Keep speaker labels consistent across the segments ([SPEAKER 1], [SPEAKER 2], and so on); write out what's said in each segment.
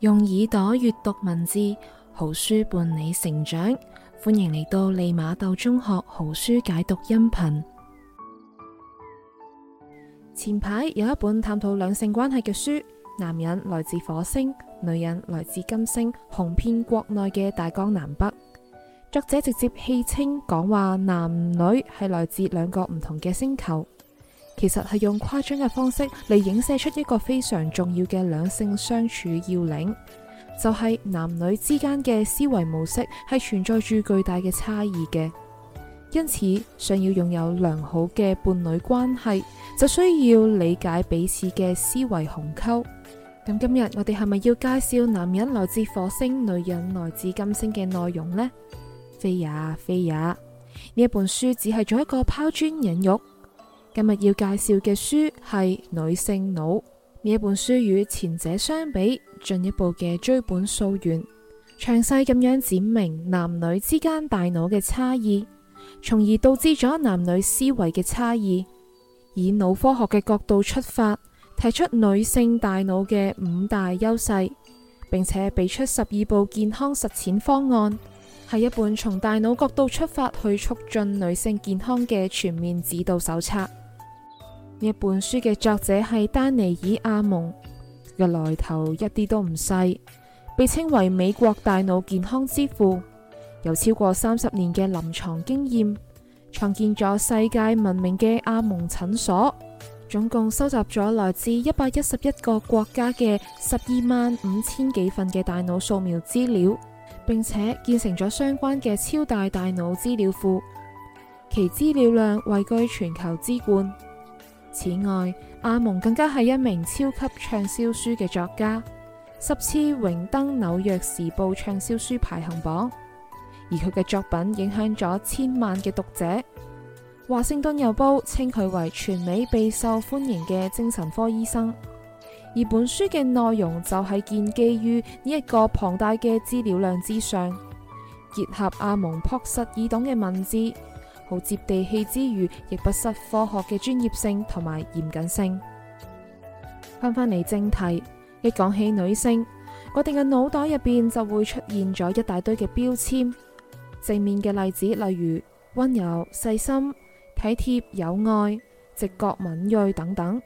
[SPEAKER 1] 用耳朵閱讀文字，好書伴你成長。歡迎嚟到利馬竇中學好書解讀音頻。前排有一本探討兩性關係嘅書《男人來自火星，女人來自金星》，紅遍國內嘅大江南北。作者直接戲稱講話，說，男女係來自兩個唔同嘅星球。其實係用誇張嘅方式嚟影射出一個非常重要嘅兩性相處要領，就係男女之間嘅思維模式係存在住巨大嘅差異嘅。因此，想要擁有良好嘅伴侶關係，就需要理解彼此嘅思維鴻溝。咁今日我哋係咪要介紹男人來自火星、女人來自金星嘅內容呢？非也，非也，呢一本書只係做一個拋磚引玉。今日要介紹嘅書係《女性腦》，呢一本書與前者相比，進一步嘅追本溯源，詳細咁樣展明男女之間大腦嘅差異，從而導致咗男女思維嘅差異。以腦科學嘅角度出發，提出女性大腦嘅五大優勢，並且俾出十二步健康實踐方案，係一本從大腦角度出發去促進女性健康嘅全面指導手冊。一本書嘅作者係丹尼爾亞蒙嘅來頭一啲都唔細，被稱為美國大腦健康之父，有超過三十年嘅臨牀經驗，創建咗世界聞名嘅亞蒙診所，總共收集咗來自一百一十一個國家嘅十二萬五千幾份嘅大腦掃描資料，並且建成咗相關嘅超大大腦資料庫，其資料量位居全球之冠。此外，阿蒙更加係一名超級暢銷書嘅作家，十次榮登《紐約時報》暢銷書排行榜，而佢嘅作品影響咗千萬嘅讀者。華盛頓郵報稱佢為全美備受歡迎嘅精神科醫生，而本書嘅內容就係建基於呢一個龐大嘅資料量之上，結合阿蒙朴實易懂嘅文字。好接地氣之餘，亦不失科學嘅專業性同埋嚴謹性。翻返嚟正題，一講起女性，我哋嘅腦袋入邊就會出現咗一大堆嘅標籤。正面嘅例子，例如溫柔、細心、體貼、有愛、直覺敏銳等等；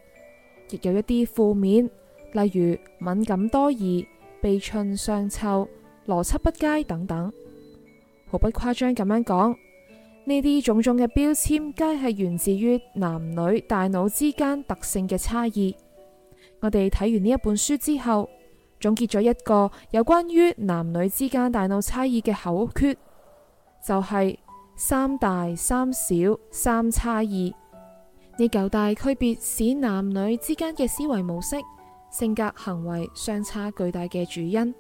[SPEAKER 1] 亦有一啲負面，例如敏感多疑、悲春傷秋、邏輯不佳等等。毫不誇張咁樣講。呢啲種種嘅標籤，皆係源自於男女大腦之間特性嘅差異。我哋睇完呢一本書之後，總結咗一個有關於男女之間大腦差異嘅口訣，就係三大三小三差異。呢九大區別，使男女之間嘅思維模式、性格行為相差巨大嘅主因，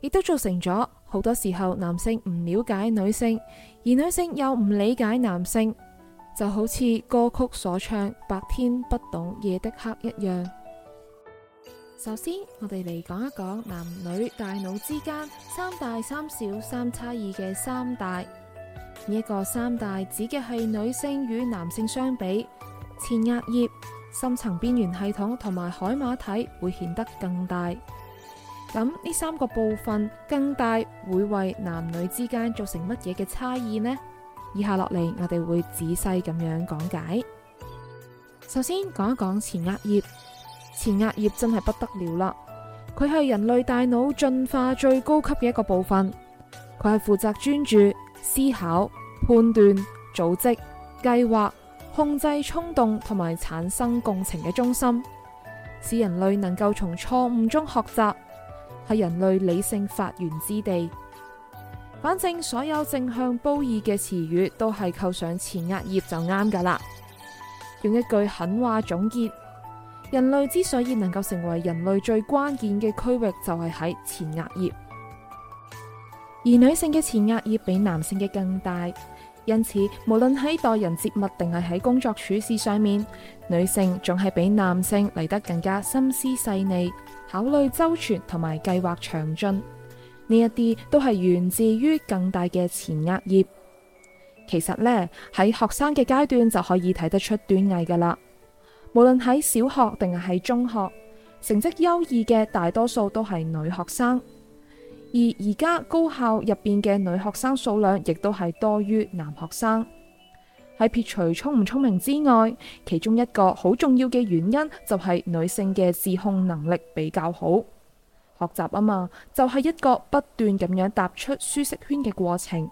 [SPEAKER 1] 亦都造成咗好多時候男性唔了解女性。而女性又唔理解男性，就好似歌曲所唱「白天不懂夜的黑」一樣。首先，我哋嚟講一講男女大腦之間三大三小三差異嘅三大。呢一個三大指嘅係女性與男性相比，前額葉、深層邊緣系統同埋海馬體會顯得更大。咁呢三個部分更大會為男女之間造成乜嘢嘅差異呢？以下落嚟，我哋會仔細咁樣講解。首先講一講前額葉，前額葉真係不得了啦！佢係人類大腦進化最高級嘅一個部分，佢係負責專注、思考、判斷、組織、計劃、控制衝動同埋產生共情嘅中心，使人類能夠從錯誤中學習。係人類理性發源之地，反正所有正向褒義嘅詞語都係扣上前額葉就啱㗎喇。用一句狠話總結：人類之所以能夠成為人類最關鍵嘅區域，就係喺前額葉，而女性嘅前額葉比男性嘅更大。因此，無論喺待人接物定係喺工作處事上面，女性仲係比男性嚟得更加心思細膩、考慮周全同埋計劃詳盡。呢一啲都係源自於更大嘅前額葉。其實呢，喺學生嘅階段就可以睇得出端倪噶啦。無論喺小學定係喺中學，成績優異嘅大多數都係女學生。而而家高校入邊嘅女學生數量亦都係多於男學生，喺撇除聰唔聰明之外，其中一個好重要嘅原因就係女性嘅自控能力比較好。學習啊嘛，就係一個不斷咁樣踏出舒適圈嘅過程，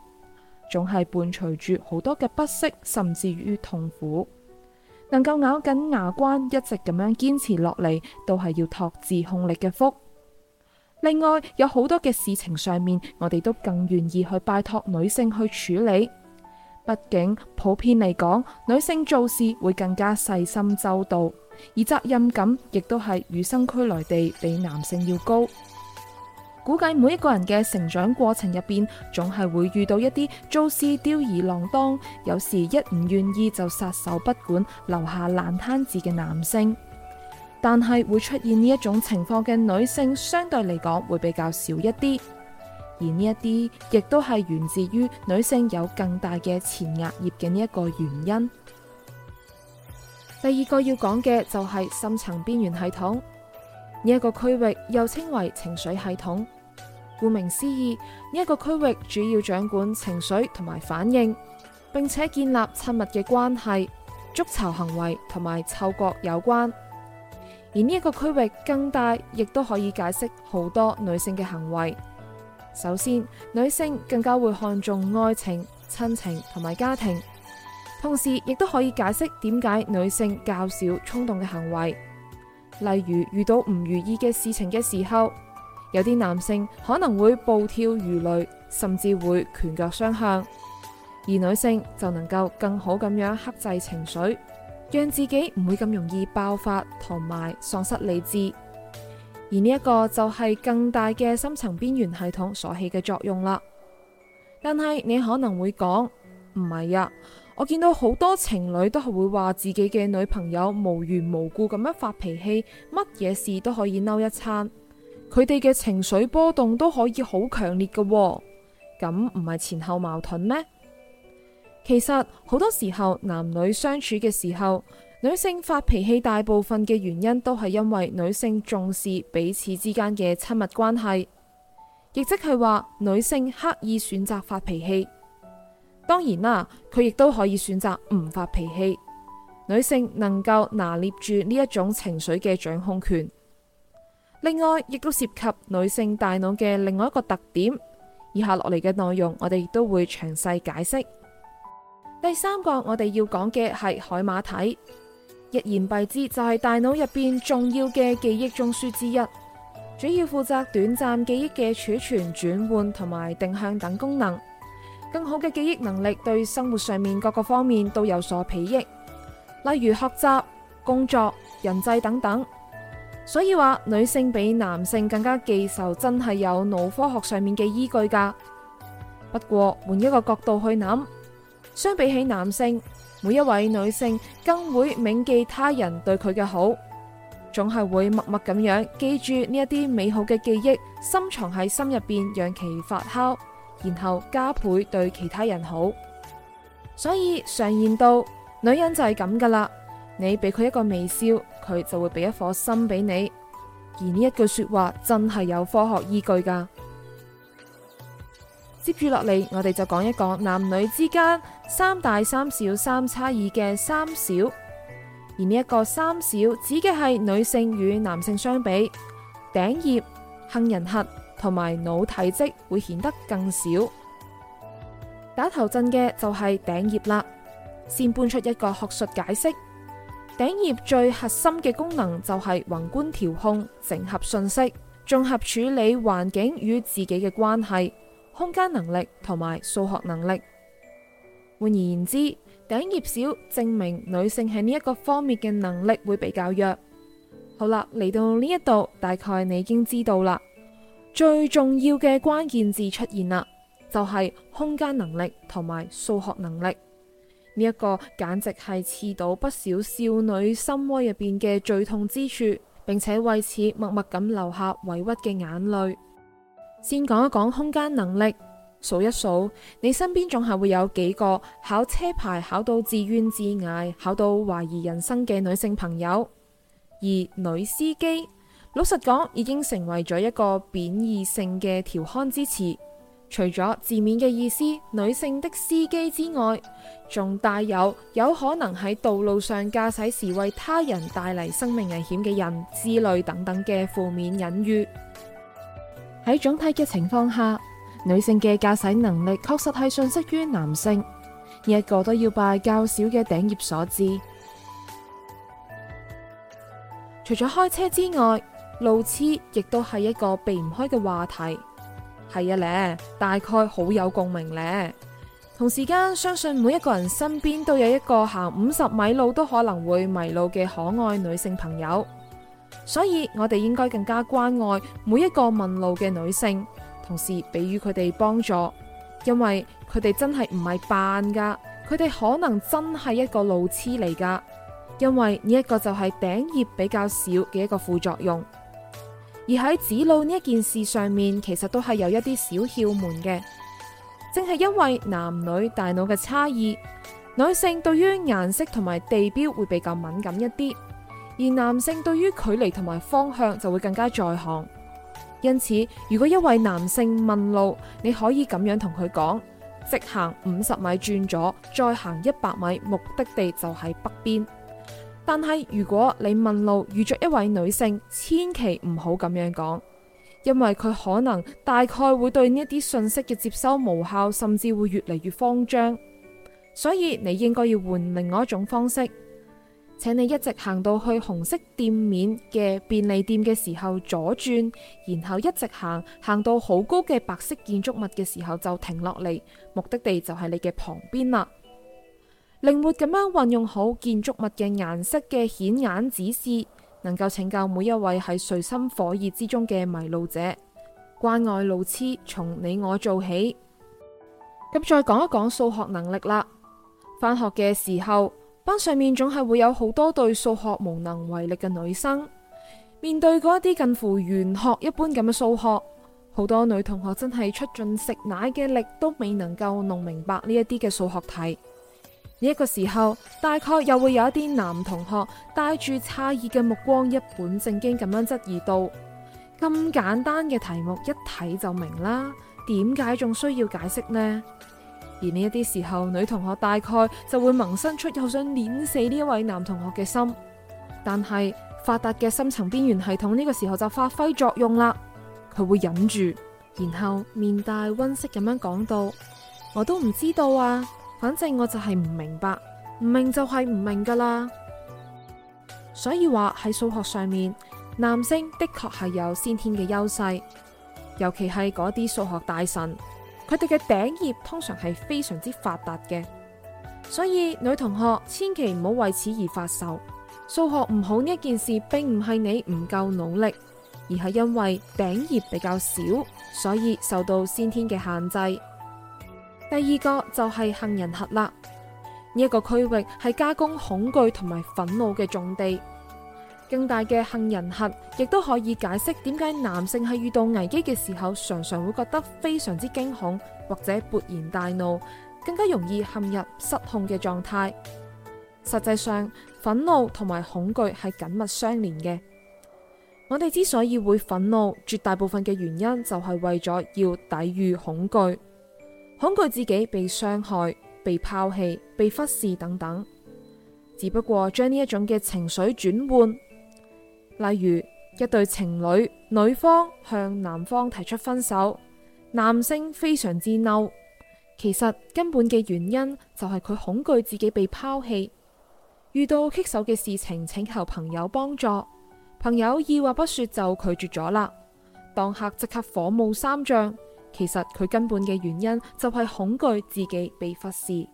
[SPEAKER 1] 總係伴隨住好多嘅不適，甚至於痛苦。能夠咬緊牙關一直咁樣堅持落嚟，都係要托自控力嘅福。另外，有好多嘅事情上面，我哋都更願意去拜託女性去處理。畢竟普遍嚟講，女性做事會更加細心周到，而責任感亦都係與生俱來地比男性要高。估計每一個人嘅成長過程入邊，總係會遇到一啲做事吊兒郎當，有時一唔願意就撒手不管，留下爛攤子嘅男性。但係會出現呢一種情況嘅女性，相對嚟講會比較少一啲。而呢一啲亦都係源自於女性有更大嘅前額葉嘅呢一個原因。第二個要講嘅就係深層邊緣系統呢一個區域，又稱為情緒系統。顧名思義，呢一個區域主要掌管情緒同埋反應，並且建立親密嘅關係、築巢行為同埋嗅覺有關。而呢一個區域更大，亦都可以解釋好多女性嘅行為。首先，女性更加會看重愛情、親情同埋家庭，同時亦都可以解釋點解女性較少衝動嘅行為。例如遇到唔如意嘅事情嘅時候，有啲男性可能會暴跳如雷，甚至會拳腳相向，而女性就能夠更好咁樣克制情緒。讓自己唔會咁容易爆發同埋喪失理智，而呢一個就係更大嘅深層邊緣系統所起嘅作用啦。但係你可能會講，唔係啊，我見到好多情侶都係會話自己嘅女朋友無緣無故咁樣發脾氣，乜嘢事都可以嬲一餐，佢哋嘅情緒波動都可以好強烈㗎喎，咁唔係前後矛盾咩？其實好多時候男女相處嘅時候，女性發脾氣，大部分嘅原因都係因為女性重視彼此之間嘅親密關係，亦即係話女性刻意選擇發脾氣。當然啦，佢亦都可以選擇唔發脾氣。女性能夠拿捏住呢一種情緒嘅掌控權。另外，亦都涉及女性大腦嘅另外一個特點。以下落嚟嘅內容，我哋亦都會詳細解釋。第三個我哋要講嘅係海馬體，一言蔽之就係大腦入邊重要嘅記憶中樞之一，主要負責短暫記憶嘅儲存、轉換同埋定向等功能。更好嘅記憶能力對生活上面各個方面都有所裨益，例如學習、工作、人際等等。所以話女性比男性更加記仇，真係有腦科學上面嘅依據㗎。不過換一個角度去諗。相比起男性，每一位女性更會銘記他人對佢嘅好，總係會默默咁樣記住呢一啲美好嘅記憶，深藏喺心入邊，讓其發酵，然後加倍對其他人好。所以常言道，女人就係咁噶啦，你俾佢一個微笑，佢就會俾一顆心俾你。而呢一句說話真係有科學依據噶。接住落嚟，我哋就講一講男女之間。三大三小三差異嘅三小，而呢一個三小指嘅係女性與男性相比，頂葉、杏仁核同埋腦體積會顯得更少。打頭陣嘅就係頂葉啦，先搬出一個學術解釋。頂葉最核心嘅功能就係宏觀調控、整合信息、綜合處理環境與自己嘅關係、空間能力同埋數學能力。換而言之，頂葉少證明女性喺呢一個方面嘅能力會比較弱。好啦，嚟到呢一度，大概你已經知道啦。最重要嘅關鍵字出現啦，就係空間能力同埋數學能力。呢一個簡直係刺到不少少女心窩入邊嘅最痛之處，並且為此默默咁流下委屈嘅眼淚。先講一講空間能力。數一數，你身邊仲係會有幾個考車牌考到自怨自艾、考到懷疑人生嘅女性朋友？而女司機，老實講已經成為咗一個貶義性嘅調侃之詞。除咗字面嘅意思，女性的司機之外，仲帶有有可能喺道路上駕駛時為他人帶嚟生命危險嘅人之類等等嘅負面隱喻。喺總體嘅情況下。女性嘅駕駛能力確實係遜色於男性，而一個都要拜較少嘅頂葉所致。除咗開車之外，路痴亦都係一個避唔開嘅話題。係啊咧，大概好有共鳴咧。同時間，相信每一個人身邊都有一個行五十米路都可能會迷路嘅可愛女性朋友，所以我哋應該更加關愛每一個問路嘅女性。同時給予佢哋幫助，因為佢哋真係唔係扮噶，佢哋可能真係一個路痴嚟噶。因為呢一個就係頂葉比較少嘅一個副作用。而喺指路呢一件事上面，其實都係有一啲小竅門嘅。正係因為男女大腦嘅差異，女性對於顏色同埋地標會比較敏感一啲，而男性對於距離同埋方向就會更加在行。因此，如果一位男性問路，你可以咁樣同佢講：直行五十米轉左，再行一百米，目的地就喺北邊。但係如果你問路遇着一位女性，千祈唔好咁樣講，因為佢可能大概會對呢一啲信息嘅接收無效，甚至會越嚟越慌張。所以你應該要換另外一種方式。請你一直行到去紅色店面嘅便利店嘅時候左轉，然後一直行，行到好高嘅白色建築物嘅時候就停落嚟，目的地就係你嘅旁邊啦。靈活咁樣運用好建築物嘅顏色嘅顯眼指示，能夠拯救每一位喺水深火熱之中嘅迷路者，關愛路痴，從你我做起。咁再講一講數學能力啦，返學嘅時候，班上面總係會有好多對數學無能為力嘅女生，面對嗰一啲近乎玄學一般咁嘅數學，好多女同學真係出盡食奶嘅力都未能夠弄明白呢一啲嘅數學題。呢一個時候，大概又會有一啲男同學帶住詫異嘅目光，一本正經咁樣質疑到：咁簡單嘅題目一睇，就明啦，點解仲需要解釋呢？而呢一啲時候，女同學大概就會萌生出好想碾死呢一位男同學嘅心，但係發達嘅深層邊緣系統呢個時候就發揮作用啦。佢會忍住，然後面帶温色咁樣講到：我都唔知道啊，反正我就係唔明白，唔明就係唔明噶啦。所以話喺數學上面，男性的確係有先天嘅優勢，尤其係嗰啲數學大神。佢哋嘅頂葉通常係非常之發達嘅，所以女同學千祈唔好為此而發愁。數學唔好呢件事，並唔係你唔夠努力，而係因為頂葉比較少，所以受到先天嘅限制。第二個就係杏仁核啦，呢一個區域係加工恐懼同埋憤怒嘅重地。更大嘅杏仁核，亦都可以解釋點解男性喺遇到危機嘅時候，常常會覺得非常之驚恐或者勃然大怒，更加容易陷入失控嘅狀態。實際上，憤怒同埋恐懼係緊密相連嘅。我哋之所以會憤怒，絕大部分嘅原因就係為咗要抵禦恐懼，恐懼自己被傷害、被拋棄、被忽視等等。只不過將呢一種嘅情緒轉換。例如，一對情侶女方向男方提出分手，男性非常之嬲。其實根本嘅原因就係佢恐懼自己被拋棄。遇到棘手嘅事情，請求朋友幫助，朋友二話不說就拒絕咗啦。當刻即刻火冒三丈。其實佢根本嘅原因就係恐懼自己被忽視。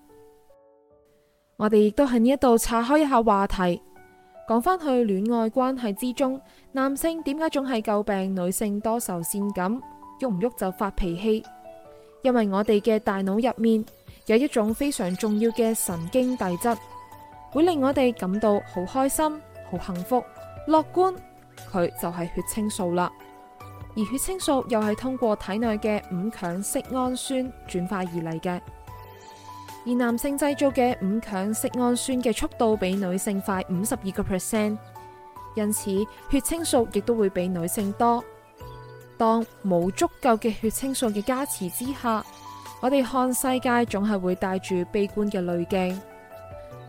[SPEAKER 1] 我哋亦都喺呢一度岔開一下話題。講返去戀愛關係之中，男性點解總係詬病，女性多愁善感，喐唔喐就發脾氣？因為我哋嘅大腦入面有一種非常重要嘅神經遞質，會令我哋感到好開心、好幸福、樂觀，佢就係血清素啦。而血清素又係通過體內嘅五羥色氨酸轉化而嚟嘅。而男性製造嘅五羥色氨酸嘅速度比女性快五十二個 percent，因此血清素亦都會比女性多。當冇足夠嘅血清素嘅加持之下，我哋看世界總係會帶住悲觀嘅濾鏡。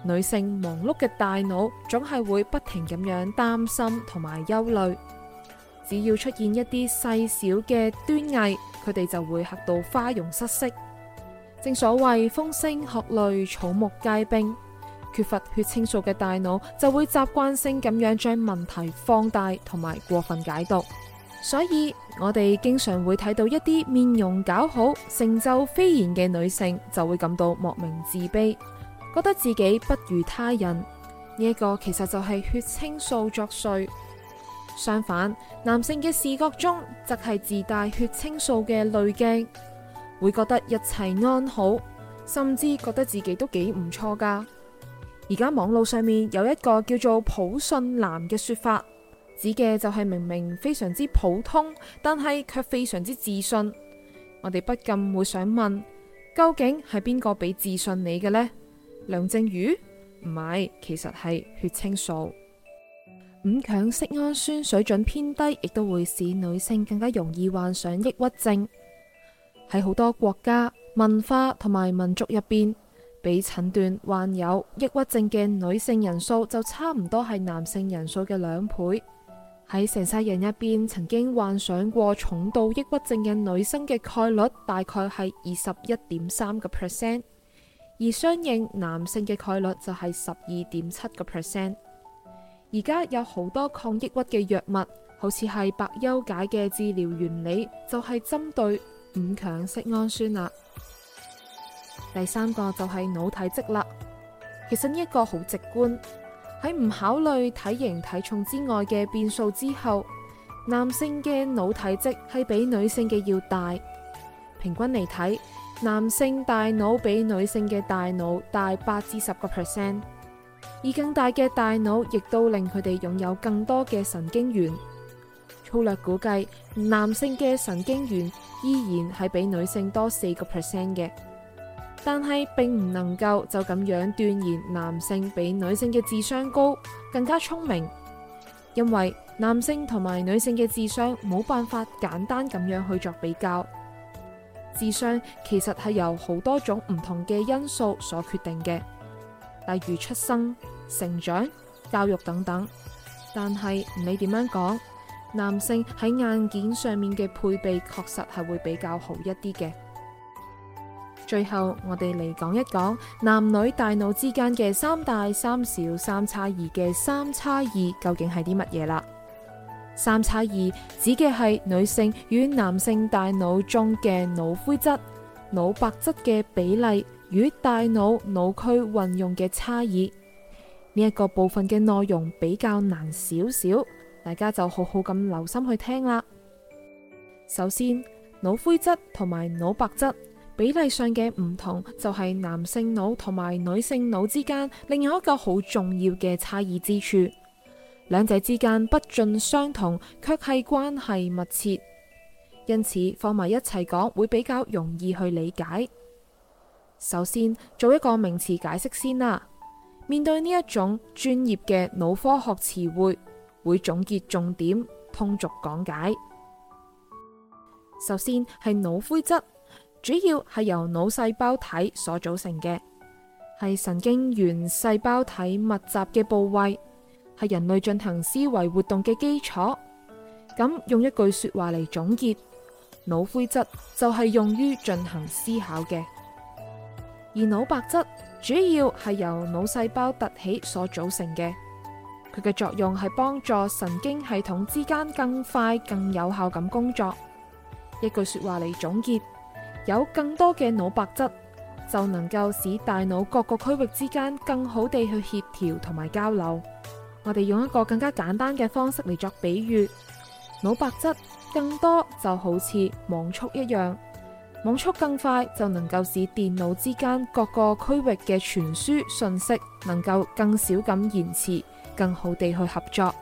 [SPEAKER 1] 女性忙碌嘅大腦總係會不停咁樣擔心同埋憂慮，只要出現一啲細小嘅端倪，佢哋就會嚇到花容失色。正所謂風聲鶴唳，草木皆兵，缺乏血清素嘅大腦就會習慣性咁樣將問題放大同埋過分解讀，所以我哋經常會睇到一啲面容姣好、成就斐然嘅女性就會感到莫名自卑，覺得自己不如他人。呢一個其實就係血清素作祟。相反，男性嘅視覺中則係自帶血清素嘅濾鏡。會覺得一切安好，甚至覺得自己都幾唔錯噶。而家網路上面有一個叫做普信男嘅說法，指嘅就係明明非常之普通，但係卻非常之自信。我哋不禁會想問，究竟係邊個俾自信你嘅呢？梁靜茹唔係，其實係血清素。五羥色氨酸水準偏低，亦都會使女性更加容易患上抑鬱症。喺好多國家文化同埋民族入邊，俾診斷患有抑鬱症嘅女性人數就差唔多係男性人數嘅兩倍。喺成世人入邊，曾經幻想過重度抑鬱症嘅女生嘅概率大概係二十一點三個 percent，而相應男性嘅概率就係十二點七個 percent。而家有好多抗抑鬱嘅藥物，好似係百優解嘅治療原理就係、是、針對。五強色氨酸啦，啊，第三個就係腦體積啦。其實呢一個好直觀，喺唔考慮體型、體重之外嘅變數之後，男性嘅腦體積係比女性嘅要大。平均嚟睇，男性大腦比女性嘅大腦大八至十個 percent，而更大嘅大腦亦都令佢哋擁有更多嘅神經元。粗略估計，男性嘅神經元依然係比女性多四個 percent 嘅，但係並唔能夠就咁樣斷言男性比女性嘅智商高，更加聰明。因為男性同埋女性嘅智商冇辦法簡單咁樣去作比較，智商其實係由好多種唔同嘅因素所決定嘅，例如出生、成長、教育等等。但係唔理點樣講。男性喺硬件上面嘅配備確實係會比較好一啲嘅。最後，我哋嚟講一講男女大腦之間嘅三大三小三差異嘅三差異究竟係啲乜嘢啦？三差異指嘅係女性與男性大腦中嘅腦灰質、腦白質嘅比例與大腦腦區運用嘅差異。呢一個部分嘅內容比較難少少。大家就好好咁留心去聽啦。首先，腦灰質同埋腦白質比例上嘅唔同，就係男性腦同埋女性腦之間另一個好重要嘅差異之處。兩者之間不盡相同，卻係關係密切，因此放埋一齊講會比較容易去理解。首先做一個名詞解釋先啦，面對呢一種專業嘅腦科學詞彙。會總結重點，通俗講解。首先係腦灰質，主要係由腦細胞體所組成嘅，係神經元細胞體密集嘅部位，係人類進行思維活動嘅基礎。咁用一句說話嚟總結，腦灰質就係用於進行思考嘅。而腦白質主要係由腦細胞突起所組成嘅。佢嘅作用係幫助神經系統之間更快、更有效咁工作。一句說話嚟總結，有更多嘅腦白質就能夠使大腦各個區域之間更好地去協調同埋交流。我哋用一個更加簡單嘅方式嚟作比喻，腦白質更多就好似網速一樣，網速更快就能夠使電腦之間各個區域嘅傳輸信息能夠更少咁延遲。更好地去合作。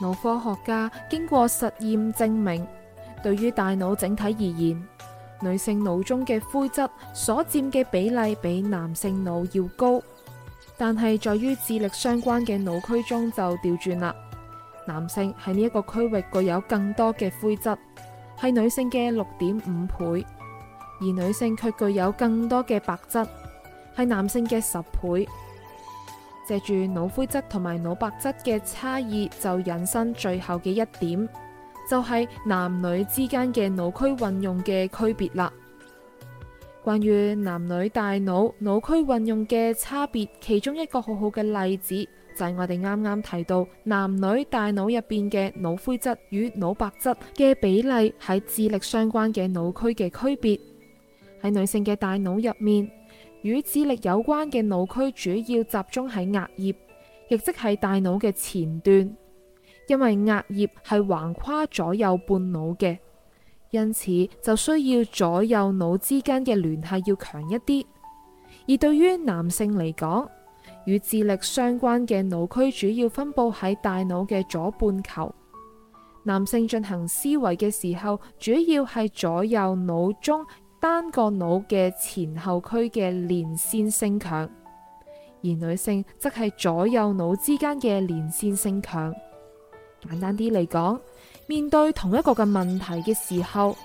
[SPEAKER 1] 腦科學家經過實驗證明，對於大腦整體而言，女性腦中嘅灰質所佔嘅比例比男性腦要高，但係在於智力相關嘅腦區中就掉轉啦。男性喺呢一個區域具有更多嘅灰質，係女性嘅六點五倍；而女性卻具有更多嘅白質，係男性嘅十倍。借住腦灰質同埋腦白質嘅差異，就引申最後嘅一點，就係、是、男女之間嘅腦區運用嘅區別啦。關於男女大腦腦區運用嘅差別，其中一個好好嘅例子就係、是、我哋啱啱提到男女大腦入邊嘅腦灰質與腦白質嘅比例喺智力相關嘅腦區嘅區別，喺女性嘅大腦入面。與智力有關嘅腦區主要集中喺額葉，亦即係大腦嘅前端。因為額葉係橫跨左右半腦嘅，因此就需要左右腦之間嘅聯繫要強一啲。而對於男性嚟講，與智力相關嘅腦區主要分布喺大腦嘅左半球。男性進行思維嘅時候，主要係左右腦中，單個腦嘅前後區嘅連線性強，而女性則係左右腦之間嘅連線性強。簡單啲嚟講，面對同一個嘅問題嘅時候，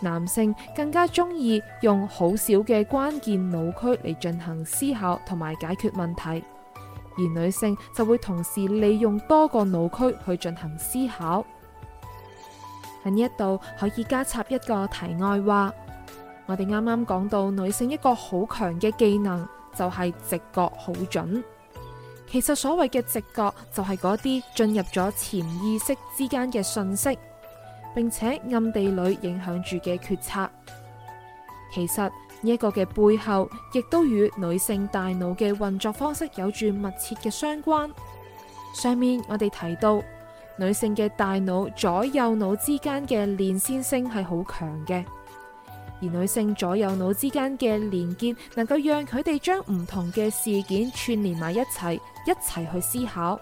[SPEAKER 1] 男性更加中意用好少嘅關鍵腦區嚟進行思考同埋解決問題，而女性就會同時利用多個腦區去進行思考。喺呢一度可以加插一個題外話。我哋啱啱講到女性一個好強嘅技能，就係直覺好準。其實所謂嘅直覺，就係嗰啲進入咗潛意識之間嘅信息，並且暗地裏影響住嘅決策。其實呢一個嘅背後，亦都與女性大腦嘅運作方式有住密切嘅相關。上面我哋提到，女性嘅大腦左右腦之間嘅連線性係好強嘅。而女性左右腦之間嘅連結，能夠讓佢哋將唔同嘅事件串聯埋一齊，一齊去思考。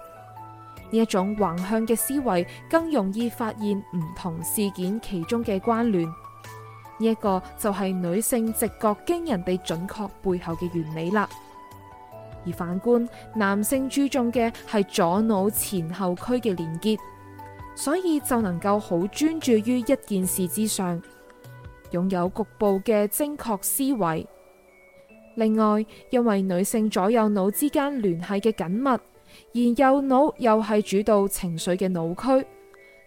[SPEAKER 1] 呢一種橫向嘅思維，更容易發現唔同事件其中嘅關聯。呢一個就係女性直覺驚人地準確背後嘅原理啦。而反觀男性注重嘅係左腦前後區嘅連結，所以就能夠好專注於一件事之上。擁有局部嘅精確思維。另外，因為女性左右腦之間聯繫嘅緊密，而右腦又係主導情緒嘅腦區，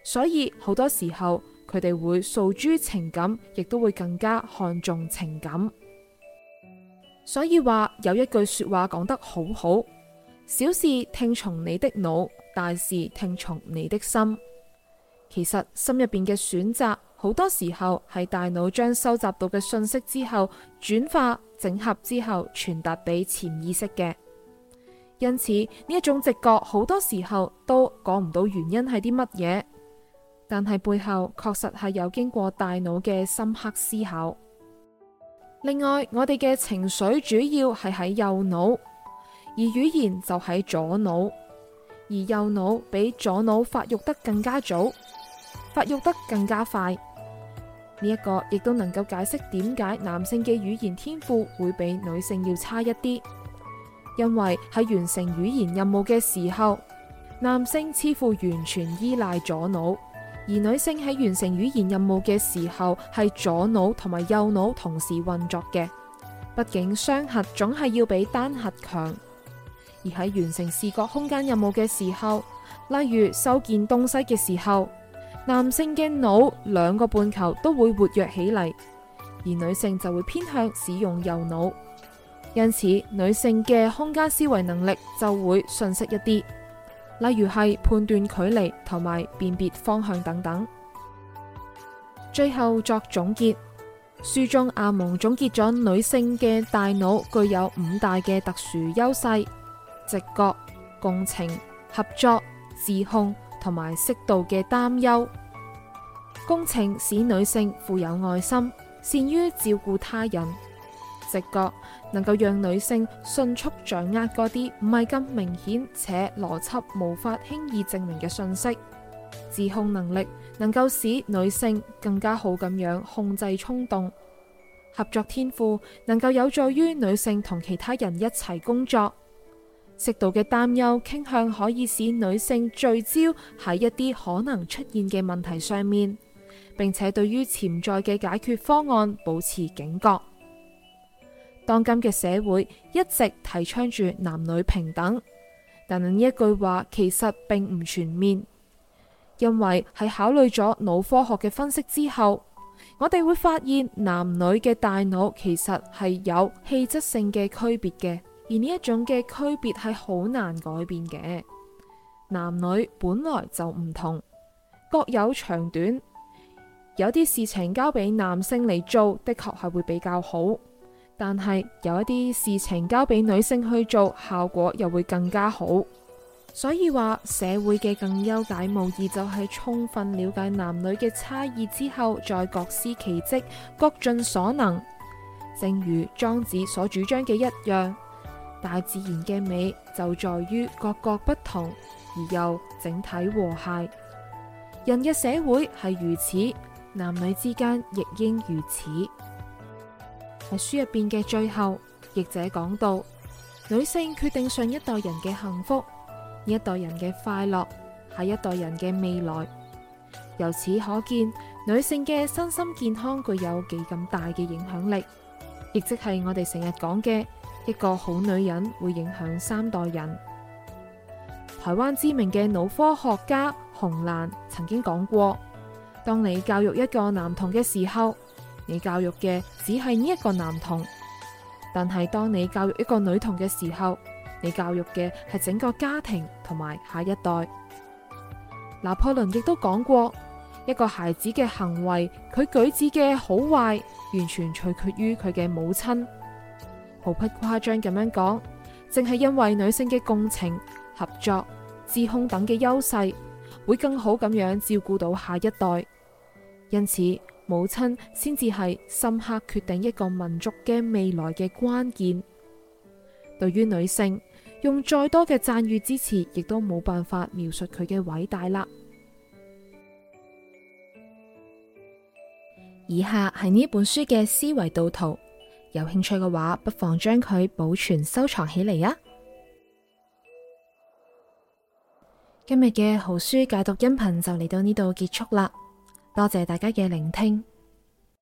[SPEAKER 1] 所以好多時候佢哋會訴諸情感，亦都會更加看重情感。所以話有一句說話講得好好，小事聽從你的腦，大事聽從你的心。其實心入邊嘅選擇。好多時候係大腦將收集到嘅信息，之後轉化整合之後傳達俾潛意識嘅，因此呢一種直覺好多時候都講唔到原因係啲乜嘢，但係背後確實係有經過大腦嘅深刻思考。另外，我哋嘅情緒主要係喺右腦，而語言就喺左腦，而右腦比左腦發育得更加早，發育得更加快。呢一個亦都能夠解釋點解男性嘅語言天賦會比女性要差一啲，因為喺完成語言任務嘅時候，男性似乎完全依賴左腦，而女性喺完成語言任務嘅時候係左腦同埋右腦同時運作嘅。畢竟雙核總係要比單核強。而喺完成視覺空間任務嘅時候，例如修建東西嘅時候。男性嘅腦兩個半球都會活躍起嚟，而女性就會偏向使用右腦，因此女性嘅空間思維能力就會遜色一啲，例如係判斷距離同埋辨別方向等等。最後作總結，書中阿蒙總結咗女性嘅大腦具有五大嘅特殊優勢：直覺、共情、合作、自控。同埋適度嘅擔憂，共情使女性富有愛心，善於照顧他人；直覺能夠讓女性迅速掌握嗰啲唔係咁明顯且邏輯無法輕易證明嘅信息；自控能力能夠使女性更加好咁樣控制衝動；合作天賦能夠有助於女性同其他人一齊工作。適度嘅擔憂傾向可以使女性聚焦喺一啲可能出現嘅問題上面，並且對於潛在嘅解決方案保持警覺。當今嘅社會一直提倡住男女平等，但呢一句話其實並唔全面，因為喺考慮咗腦科學嘅分析之後，我哋會發現男女嘅大腦其實係有氣質性嘅區別嘅。而呢一種嘅區別係好難改變嘅。男女本來就唔同，各有長短。有啲事情交俾男性嚟做，的確係會比較好；但係有一啲事情交俾女性去做，效果又會更加好。所以話社會嘅更優解，無疑就係充分了解男女嘅差異之後，再各司其職，各盡所能。正如莊子所主張嘅一樣。大自然嘅美就在於各個不同，而又整體和諧。人嘅社會係如此，男女之間亦應如此。喺書入邊嘅最後，譯者講到：女性決定上一代人嘅幸福，呢一代人嘅快樂，下一代人嘅未來。由此可見，女性嘅身心健康具有幾咁大嘅影響力，亦即係我哋成日講嘅。一個好女人會影響三代人。台灣知名嘅腦科學家洪蘭曾經講過：當你教育一個男童嘅時候，你教育嘅只係呢一個男童；但係當你教育一個女童嘅時候，你教育嘅係整個家庭同埋下一代。拿破崙亦都講過：一個孩子嘅行為，佢舉止嘅好壞，完全取決於佢嘅母親。毫不誇張咁樣講，正係因為女性嘅共情、合作、自控等嘅優勢，會更好咁樣照顧到下一代。因此，母親先至係深刻決定一個民族嘅未來嘅關鍵。對於女性，用再多嘅讚譽支持，亦都冇辦法描述佢嘅偉大啦。以下係呢本書嘅思維導圖。有興趣嘅話，不妨將佢保存收藏起嚟啊！今日嘅好書解讀音頻就嚟到呢度結束啦，多謝大家嘅聆聽。